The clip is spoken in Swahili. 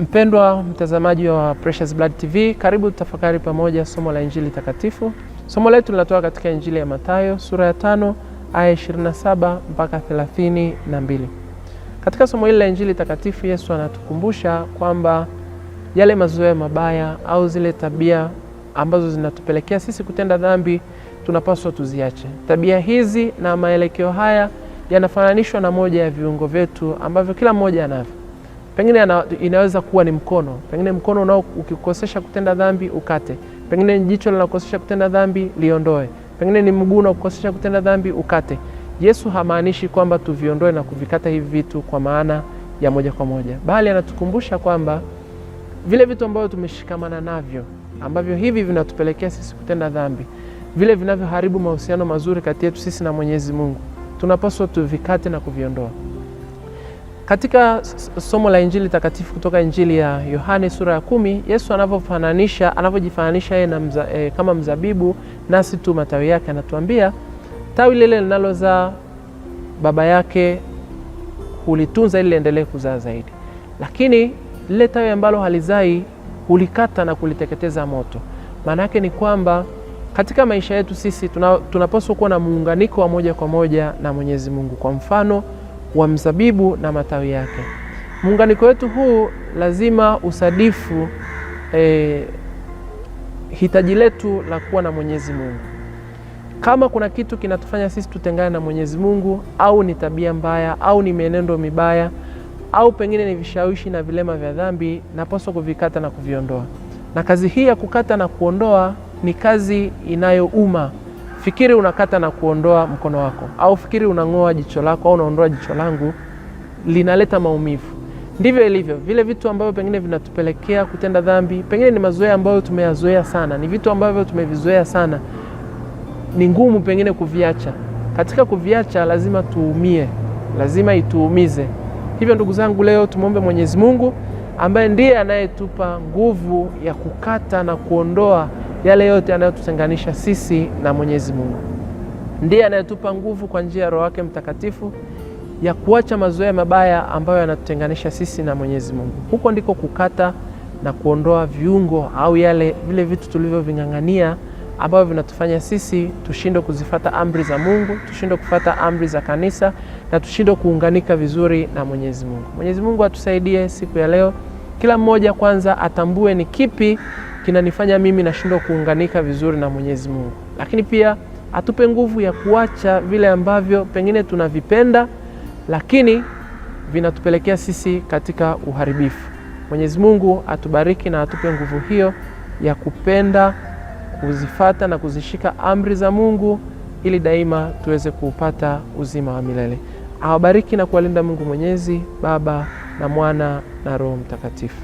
Mpendwa mtazamaji wa Precious Blood TV, karibu tutafakari pamoja somo la Injili takatifu. Somo letu linatoka katika Injili ya Mathayo sura ya tano aya 27 mpaka 32. Katika somo hili la Injili takatifu, Yesu anatukumbusha kwamba yale mazoea mabaya au zile tabia ambazo zinatupelekea sisi kutenda dhambi tunapaswa tuziache. Tabia hizi na maelekeo haya yanafananishwa na moja ya viungo vyetu ambavyo kila mmoja anavyo Pengine inaweza kuwa ni mkono, pengine mkono unao ukikosesha kutenda dhambi ukate, pengine ni jicho linakosesha kutenda dhambi liondoe, pengine ni mguu unaokosesha kutenda dhambi ukate. Yesu hamaanishi kwamba tuviondoe na kuvikata hivi vitu kwa maana ya moja kwa moja, bali anatukumbusha kwamba vile vitu ambavyo tumeshikamana navyo ambavyo hivi vinatupelekea sisi kutenda dhambi, vile vinavyoharibu mahusiano mazuri kati yetu sisi na Mwenyezi Mungu, tunapaswa tuvikate na kuviondoa. Katika somo la Injili takatifu kutoka Injili ya Yohane sura ya kumi, Yesu anavyofananisha anavyojifananisha yeye mza, e, kama mzabibu nasi tu matawi yake, anatuambia tawi lile linalozaa baba yake hulitunza ili liendelee kuzaa zaidi, lakini lile tawi ambalo halizai hulikata na kuliteketeza moto. Maana yake ni kwamba katika maisha yetu sisi tunapaswa kuwa na muunganiko wa moja kwa moja na Mwenyezi Mungu. Kwa mfano wa mzabibu na matawi yake. Muunganiko wetu huu lazima usadifu e, hitaji letu la kuwa na Mwenyezi Mungu. Kama kuna kitu kinatufanya sisi tutengane na Mwenyezi Mungu, au ni tabia mbaya, au ni mienendo mibaya, au pengine ni vishawishi na vilema vya dhambi, napaswa kuvikata na kuviondoa. Na kazi hii ya kukata na kuondoa ni kazi inayouma. Fikiri unakata na kuondoa mkono wako, au fikiri unang'oa jicho lako, au unaondoa jicho langu, linaleta maumivu. Ndivyo ilivyo vile vitu ambavyo pengine vinatupelekea kutenda dhambi, pengine ni mazoea ambayo tumeyazoea sana, ni vitu ambavyo tumevizoea sana, ni ngumu pengine kuviacha. Katika kuviacha lazima tuumie, lazima ituumize. Hivyo ndugu zangu, leo tumwombe Mwenyezi Mungu ambaye ndiye anayetupa nguvu ya kukata na kuondoa yale yote yanayotutenganisha sisi na Mwenyezi Mungu. Ndiye anayetupa nguvu kwa njia ya Roho yake Mtakatifu ya kuacha mazoea mabaya ambayo yanatutenganisha sisi na Mwenyezi Mungu. Huko ndiko kukata na kuondoa viungo au yale vile vitu tulivyoving'ang'ania ambavyo vinatufanya sisi tushindwe kuzifata amri za Mungu, tushindwe kufata amri za kanisa na tushindwe kuunganika vizuri na Mwenyezi Mungu. Mwenyezi Mungu atusaidie siku ya leo, kila mmoja kwanza atambue ni kipi kinanifanya mimi nashindwa kuunganika vizuri na Mwenyezi Mungu. Lakini pia atupe nguvu ya kuacha vile ambavyo pengine tunavipenda, lakini vinatupelekea sisi katika uharibifu. Mwenyezi Mungu atubariki na atupe nguvu hiyo ya kupenda kuzifata na kuzishika amri za Mungu ili daima tuweze kuupata uzima wa milele. Awabariki na kuwalinda Mungu Mwenyezi, Baba na Mwana na Roho Mtakatifu.